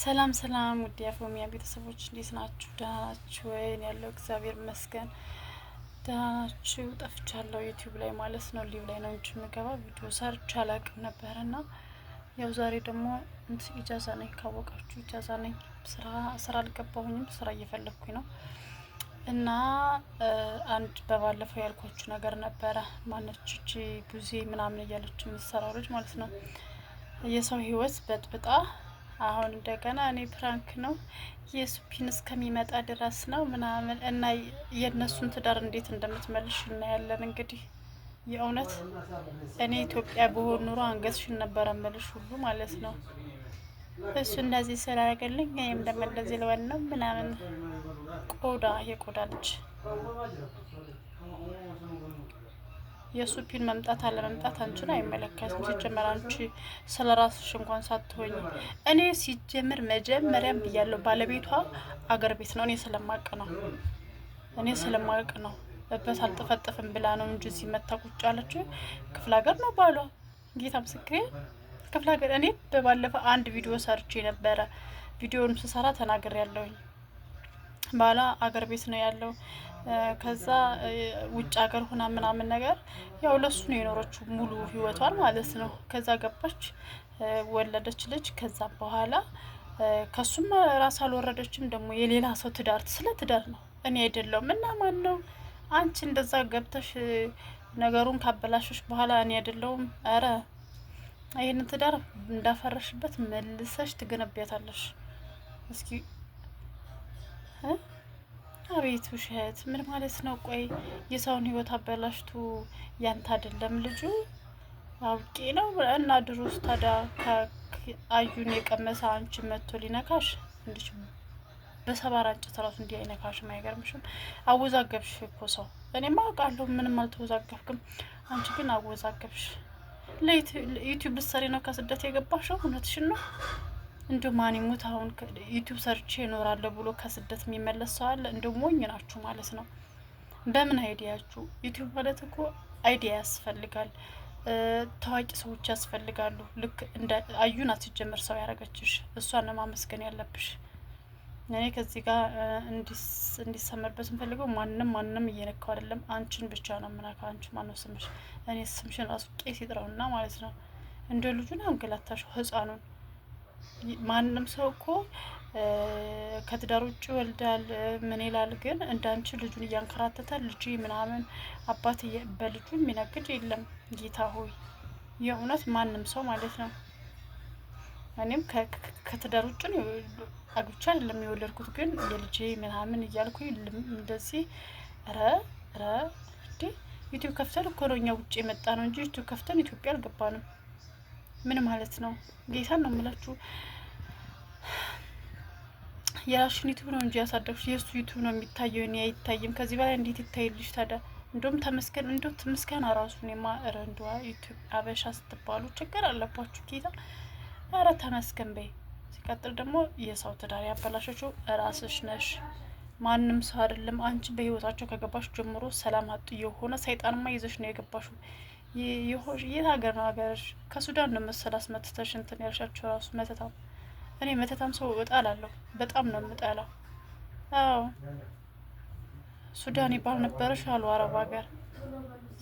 ሰላም ሰላም ውድ የፎሚያ ቤተሰቦች እንዴት ናችሁ? ደህና ናችሁ ወይን ያለው እግዚአብሔር ይመስገን ደህና ናችሁ። ጠፍቻለሁ ዩቲዩብ ላይ ማለት ነው። ሊቭ ላይ ነው እንጂ የምገባ ቪዲዮ ሰርች አላቅም ነበር ና ያው ዛሬ ደግሞ ኢጃዛ ነኝ ካወቃችሁ ኢጃዛ ነኝ። ስራ አልገባሁኝም፣ ስራ እየፈለግኩኝ ነው እና አንድ በባለፈው ያልኳችሁ ነገር ነበረ። ማነችቺ ቡዜ ምናምን እያለች የምትሰራው ልጅ ማለት ነው የሰው ህይወት በጥብጣ አሁን እንደገና እኔ ፕራንክ ነው የሱፒን እስከሚመጣ ድረስ ነው ምናምን እና የእነሱን ትዳር እንዴት እንደምትመልሽ እናያለን። እንግዲህ የእውነት እኔ ኢትዮጵያ በሆን ኑሮ አንገትሽን ነበረ መልሽ ሁሉ ማለት ነው። እሱ እንደዚህ ስላደረገልኝ እኔም ደግሞ እንደዚህ ልሆን ነው ምናምን ቆዳ የቆዳ ልጅ የሱፒን መምጣት አለመምጣት አንቺን አይመለከትም። ሲጀመር አንቺ ስለ ራስሽ እንኳን ሳትሆኝ እኔ ሲጀምር መጀመሪያም ብያለሁ፣ ባለቤቷ አገር ቤት ነው። እኔ ስለማቅ ነው እኔ ስለማቅ ነው በት አልጠፈጠፍም ብላ ነው እንጂ ሲመታ ቁጭ ያለችው ክፍለ ሀገር ነው ባሏ። ጌታ ምስክሬ ክፍለ ሀገር። እኔ በባለፈው አንድ ቪዲዮ ሰርቼ ነበረ። ቪዲዮውን ስሰራ ተናግሬ ያለውኝ ባላ አገር ቤት ነው ያለው። ከዛ ውጭ ሀገር ሁና ምናምን ነገር ያው ለሱ ነው የኖረችው ሙሉ ህይወቷን ማለት ነው። ከዛ ገባች፣ ወለደች ልጅ። ከዛ በኋላ ከሱም ራስ አልወረደችም። ደግሞ የሌላ ሰው ትዳር ስለ ትዳር ነው እኔ አይደለውም እና ማን ነው አንቺ እንደዛ ገብተሽ ነገሩን ካበላሾች በኋላ እኔ አይደለሁም። ኧረ ይህንን ትዳር እንዳፈረሽበት መልሰሽ ትገነቢያታለሽ እስኪ አቤት ውሸት! ምን ማለት ነው? ቆይ የሰውን ህይወት አበላሽቱ ያንተ አይደለም ልጁ አውቄ ነው እና ድሮስ ታዲያ አዩን የቀመሰ አንቺ መጥቶ ሊነካሽ እንድች በሰባር አንጭት ራሱ እንዲህ አይነካሽም። አይገርምሽም? አወዛገብሽ እኮ ሰው። እኔማ አውቃለሁ ምንም አልተወዛገብክም። አንቺ ግን አወዛገብሽ። ለዩቲዩብ ብሰሪ ነው ከስደት የገባሽው? እውነትሽን ነው። እንደ ማን ይሙት አሁን ዩቲዩብ ሰርቼ እኖራለሁ ብሎ ከስደት የሚመለስ ሰው አለ? እንደ ሞኝ ናችሁ ማለት ነው። በምን አይዲያችሁ? ዩቲዩብ ማለት እኮ አይዲያ ያስፈልጋል፣ ታዋቂ ሰዎች ያስፈልጋሉ። ልክ እንደ አዩ ናት ሲጀመር ሰው ያደረገችሽ፣ እሷን ለማመስገን ያለብሽ። እኔ ከዚህ ጋር እንዲሰመርበት ንፈልገው ማንም ማንም እየነካው አይደለም። አንቺን ብቻ ነው የምናካው። አንቺ ማነው ስምሽ? እኔ ስምሽን ራሱ ቄስ ይጥረውና ማለት ነው እንደ ልጁን አንገላታሽ ህፃኑን ማንም ሰው እኮ ከትዳር ውጭ ይወልዳል ምን ይላል፣ ግን እንዳንቺ ልጁን እያንከራተተ ልጅ ምናምን አባት በልጁ የሚነግድ የለም። ጌታ ሆይ የእውነት ማንም ሰው ማለት ነው። እኔም ከትዳር ውጭ አግብቻ አይደለም የወለድኩት፣ ግን የልጄ ምናምን እያልኩ እንደዚህ ረ ረ ዩቲዩብ ከፍተን እኮ ነው እኛ ውጭ የመጣ ነው እንጂ ዩቲዩብ ከፍተን ኢትዮጵያ አልገባንም። ምን ማለት ነው? ጌታን ነው የምላችሁ። የራሱን ዩቱብ ነው እንጂ ያሳደግሽ የእሱ ዩቱብ ነው የሚታየው፣ እኔ አይታይም። ከዚህ በላይ እንዴት ይታይልሽ ታዲያ? እንዲሁም ተመስገን እንዲሁም ተመስገን ራሱን የማረንዷ ዩቱብ አበሻ ስትባሉ ችግር አለባችሁ። ጌታ ኧረ ተመስገን በይ። ሲቀጥል ደግሞ የሰው ትዳር ያበላሸችው ራስሽ ነሽ፣ ማንም ሰው አይደለም። አንቺ በህይወታቸው ከገባሽ ጀምሮ ሰላም አጡ የሆነ ሰይጣንማ ይዘሽ ነው የገባሽው። የት ሀገር ነው ሀገርሽ? ከሱዳን ነው መሰል አስመትተሽ እንትን ያልሻቸው ራሱ መተታም። እኔ መተታም ሰው እጣላለሁ፣ በጣም ነው የምጠላው። አዎ ሱዳን ይባል ነበረሽ አሉ አረብ ሀገር።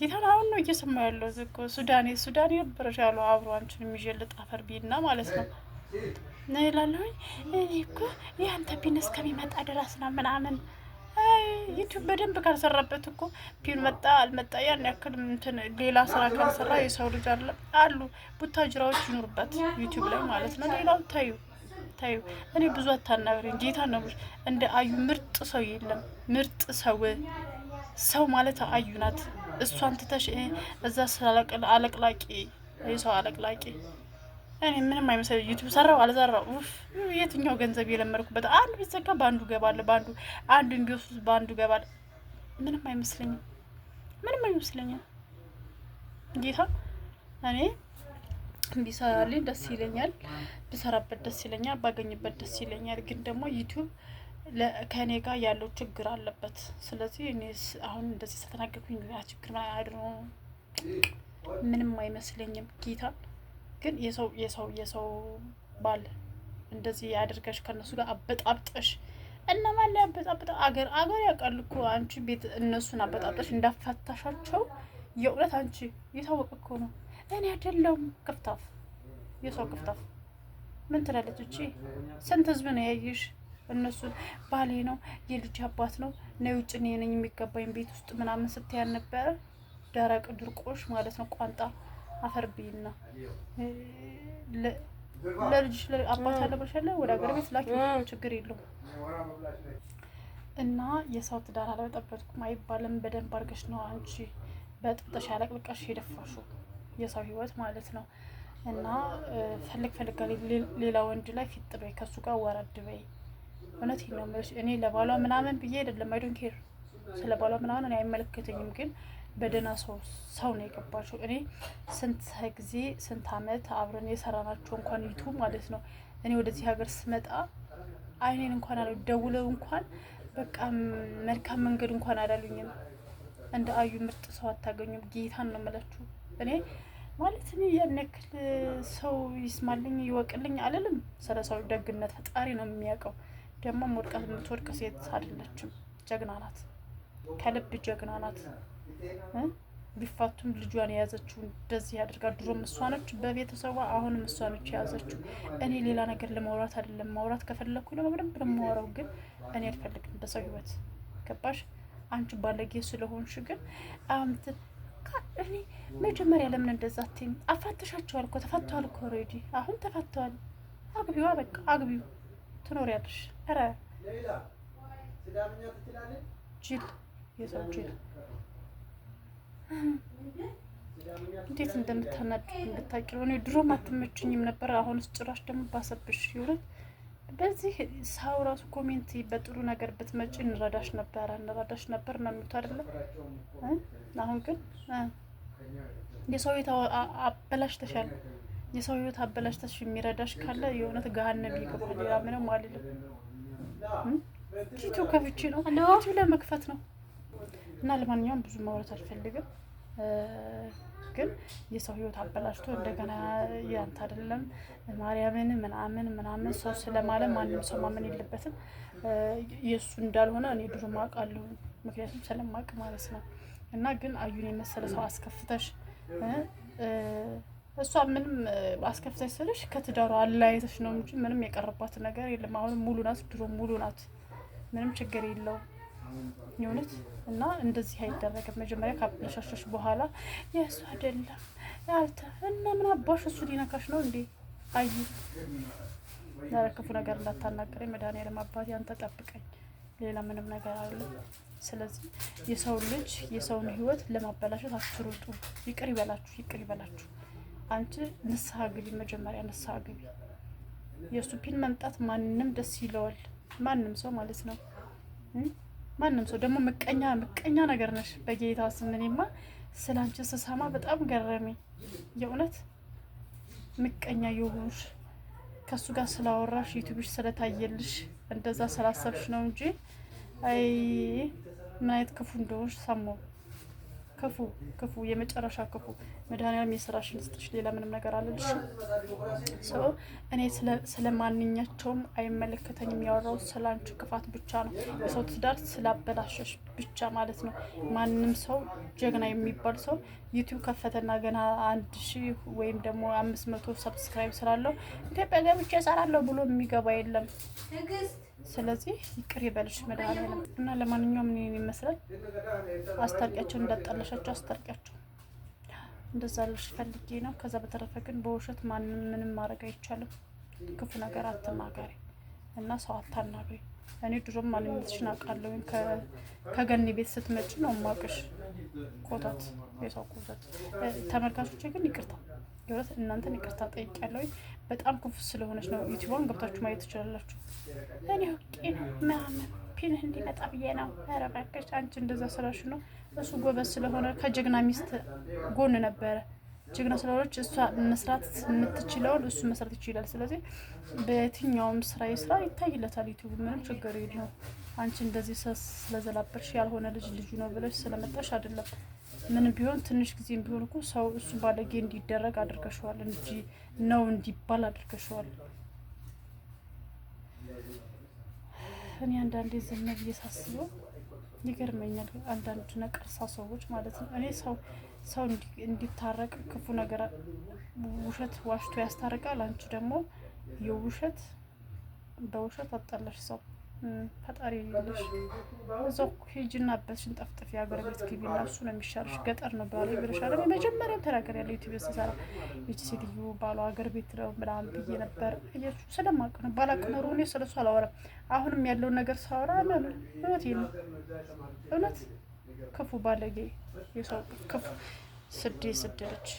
ይህን አሁን ነው እየሰማ ያለው ዝቆ ሱዳኔ ሱዳኔ ነበረሽ አሉ አብሮ አንቺን የሚጀልጥ አፈር ቢና ማለት ነው ነው ይላለሁኝ። እኔ እኮ የአንተ ቢነስ ከሚመጣ ድረስ ነው ምናምን ዩቲዩብ በደንብ ካልሰራበት እኮ ፒን መጣ አልመጣ ያን ያክል እንትን ሌላ ስራ ካልሰራ የሰው ልጅ አለ አሉ ቡታጅራዎች ይኖሩበት ዩቱብ ላይ ማለት ነው። ሌላው ታዩ ታዩ እኔ ብዙ አታናግሪ ጌታ ነው እንደ አዩ ምርጥ ሰው የለም። ምርጥ ሰው ሰው ማለት አዩ ናት። እሷን ትተሽ እዛ ስለ አለቅላቂ የሰው አለቅላቂ እኔ ምንም አይመስለኝ ዩቱብ ሰራው አልሰራው የትኛው ገንዘብ የለመድኩበት አንዱ ቢዘጋ በአንዱ ገባለ በአንዱ አንዱ ቢወስዱት በአንዱ ገባለ። ምንም አይመስለኝም፣ ምንም አይመስለኝም። ጌታ እኔ ቢሰራልኝ ደስ ይለኛል፣ ብሰራበት ደስ ይለኛል፣ ባገኝበት ደስ ይለኛል። ግን ደግሞ ዩቱብ ከእኔ ጋር ያለው ችግር አለበት። ስለዚህ እኔ አሁን እንደዚህ ስለተናገርኩኝ ችግር አይደለም፣ ምንም አይመስለኝም ጌታ ግን የሰው የሰው የሰው ባል እንደዚህ ያደርገሽ ከነሱ ጋር አበጣብጠሽ እነማ ላይ አበጣብጠ አገር አገር ያውቃል እኮ አንቺ ቤት እነሱን አበጣብጠሽ እንዳፈታሻቸው የእውነት አንቺ የታወቀ እኮ ነው። እኔ አይደለም ክፍታፍ፣ የሰው ክፍታፍ ምን ትላለች እቺ? ስንት ህዝብ ነው ያየሽ? እነሱ ባሌ ነው የልጅ አባት ነው ነ ውጭ ነኝ የሚገባኝ ቤት ውስጥ ምናምን ስትያን ነበረ። ደረቅ ድርቆሽ ማለት ነው ቋንጣ አፈር ብይና ለልጅሽ አባት አለ ብለሻለ ወደ ሀገር ቤት ላኪ ችግር የለውም። እና የሰው ትዳር አልበጠበጥኩም አይባልም። በደንብ አድርገሽ ነው አንቺ በጥብጠሽ ያለቅልቀሽ የደፋሹ የሰው ህይወት ማለት ነው። እና ፈልግ ፈልግ ሌላ ወንድ ላይ ፊት በይ፣ ከሱ ጋር ወረድ በይ። እውነት ነው የምልሽ እኔ ለባሏ ምናምን ብዬ አይደለም። አይዶን ኬር ስለ ባሏ ምናምን እኔ አይመለከተኝም ግን በደህና ሰው ሰው ነው የገባችው። እኔ ስንት ጊዜ ስንት አመት አብረን የሰራናቸው እንኳን ይቱ ማለት ነው እኔ ወደዚህ ሀገር ስመጣ አይኔን እንኳን አለ ደውለው እንኳን በቃ መልካም መንገድ እንኳን አላሉኝም። እንደ አዩ ምርጥ ሰው አታገኙም። ጌታን ነው የምላችሁ። እኔ ማለት እኔ ያን ያክል ሰው ይስማልኝ ይወቅልኝ አልልም። ስለ ሰው ደግነት ፈጣሪ ነው የሚያውቀው። ደግሞ ወድቃት የምትወድቅ ሴት አይደለችም። ጀግና ናት፣ ከልብ ጀግና ናት። ቢፋቱም ልጇን የያዘችው እንደዚህ ያደርጋል። ድሮም እሷ ነች በቤተሰቧ፣ አሁንም እሷ ነች የያዘችው። እኔ ሌላ ነገር ለማውራት አይደለም ማውራት ከፈለግኩ ደግሞ በደንብ ለማወራው ግን እኔ አልፈልግም በሰው ህይወት ገባሽ? አንቺ ባለጌ ስለሆንሽ ግን አምት እኔ መጀመሪያ ለምን እንደዛ አትይም? አፋተሻቸዋል እኮ ተፋተዋል እኮ ኦልሬዲ፣ አሁን ተፋተዋል። አግቢዋ በቃ አግቢው፣ ትኖር ትኖሪያለሽ። ኧረ ጅል፣ የሰው ጅል እንዴት እንደምታናድድ ብታውቂ። ሆነ ድሮም አትመችኝም ነበር፣ አሁንስ ጭራሽ ደግሞ ባሰብሽ። ይውረት በዚህ ሰው ራሱ ኮሜንት በጥሩ ነገር ብትመጪ እንረዳሽ ነበር እንረዳሽ ነበር ነው የሚሉት አይደለ? አሁን ግን የሰው ቤት አበላሽተሻል። የሰው ህይወት ተሽ የሚረዳሽ ካለ የእውነት ገሀነም ይገባል። ሌላ ምንም አልልም። ቲቶ ከፍቼ ነው ኪቱ ለመክፈት ነው እና ለማንኛውም ብዙ መውረት አልፈልግም። ግን የሰው ህይወት አበላሽቶ እንደገና ያንተ አይደለም ማርያምን ምናምን ምናምን ሰው ስለማለ ማንም ሰው ማመን የለበትም። የእሱ እንዳልሆነ እኔ ድሮ ማውቃለሁ፣ ምክንያቱም ስለማውቅ ማለት ነው። እና ግን አዩን የመሰለ ሰው አስከፍተሽ እሷ ምንም አስከፍተሽ ስልሽ ከትዳሩ አለያየተሽ ነው እንጂ ምንም የቀረባት ነገር የለም። አሁን ሙሉ ናት፣ ድሮ ሙሉ ናት። ምንም ችግር የለውም። የሆነት እና እንደዚህ አይደረግም። መጀመሪያ ካበሻሸሽ በኋላ የእሱ አይደለም ያልተ እና ምን አባሽ እሱ ሊነካሽ ነው እንዴ? አይ ኧረ ነገር እንዳታናገረኝ መድኃኒዓለም አባቴ አንተ ጠብቀኝ። ሌላ ምንም ነገር አለ። ስለዚህ የሰው ልጅ የሰውን ህይወት ለማበላሸት አትሩጡ። ይቅር ይበላችሁ፣ ይቅር ይበላችሁ። አንቺ ንስሐ ግቢ፣ መጀመሪያ ንስሐ ግቢ። የሱፒን መምጣት ማንም ደስ ይለዋል፣ ማንም ሰው ማለት ነው። ማንም ሰው ደግሞ ምቀኛ ምቀኛ ነገር ነሽ። በጌታ ስም እኔማ ስለ አንቺ ስሰማ በጣም ገረሜ። የእውነት ምቀኛ የሆንሽ ከእሱ ጋር ስላወራሽ ዩቱብሽ ስለታየልሽ እንደዛ ስላሰብሽ ነው እንጂ አይ ምን አይነት ክፉ እንደሆንሽ ሰማሁ። ክፉ ክፉ የመጨረሻ ክፉ መድኃኒዓለም የስራሽን ስጥሽ። ሌላ ምንም ነገር አለልሽ። ሰው እኔ ስለ ማንኛቸውም አይመለከተኝም። ያወራው ስለ አንቺ ክፋት ብቻ ነው። የሰው ትዳር ስላበላሸሽ ብቻ ማለት ነው። ማንም ሰው ጀግና የሚባል ሰው ዩቲዩብ ከፈተና ገና አንድ ሺህ ወይም ደግሞ አምስት መቶ ሰብስክራይብ ስላለው ኢትዮጵያ ገብቼ እሰራለሁ ብሎ የሚገባ የለም። ስለዚህ ይቅር ይበልሽ መድኃኒዓለም እና ለማንኛውም ምን ይመስላል አስታርቂያቸው፣ እንዳጣለሻቸው አስታርቂያቸው። እንደዛ ልሽ ፈልጌ ነው። ከዛ በተረፈ ግን በውሸት ማንም ምንም ማድረግ አይቻልም። ክፉ ነገር አትናገሪ እና ሰው አታናግሪ። እኔ ድሮም ማንነትሽን አውቃለሁ። ከገኒ ቤት ስትመጭ ነው ማቅሽ። ኮታት የሰው ኮታት። ተመልካቾች ግን ይቅርታ ይወረት እናንተን ይቅርታ ጠይቅ ጠይቄያለሁ። በጣም ክፉት ስለሆነች ነው። ዩቲዩቧን ገብታችሁ ማየት ትችላላችሁ። እኔ ውቄ ነው ምናምን ፒን እንዲመጣ ብዬ ነው። ኧረ እባክሽ አንቺ እንደዛ ስራሽ ነው። እሱ ጎበዝ ስለሆነ ከጀግና ሚስት ጎን ነበረ ጀግና ስለሆነች እሷ መስራት የምትችለውን እሱ መስራት ይችላል። ስለዚህ በየትኛውም ስራ ስራ ይታይለታል። ዩቱብ ምንም ችግር የለውም። አንቺ እንደዚህ ስለዘላበርሽ ያልሆነ ልጅ ልጁ ነው ብለሽ ስለመጣሽ አይደለም። ምንም ቢሆን ትንሽ ጊዜም ቢሆን እኮ ሰው እሱ ባለጌ እንዲደረግ አድርገሸዋል እንጂ ነው እንዲባል አድርገሸዋል። እኔ አንዳንዴ ዝም ብዬ ሳስበው ይገርመኛል። አንዳንድ ነቀርሳ ሰዎች ማለት ነው። እኔ ሰው ሰው እንዲታረቅ ክፉ ነገር ውሸት ዋሽቶ ያስታርቃል። አንቺ ደግሞ የውሸት በውሸት አጣላሽ ሰው ፈጣሪ እዛው ሂጂና አበትሽን ጠፍጥፊ ሀገር ቤት ግቢ ግቢና እሱ ነው የሚሻልሽ። ገጠር ነው ባለ ብለሻለ። መጀመሪያም ተናገር ያለ ዩቲብ ስሰራ ይቺ ሴትዮ ባሏ ሀገር ቤት ነው ምናምን ብዬ ነበር። እያችሁ ስለማቅ ነው ባላቅ ኖሮ እኔ ስለሱ አላወራም። አሁንም ያለውን ነገር ሳወራ ነው እውነት ነው እውነት ክፉ ባለጌ የሰው ክፉ ስዴ ስደለች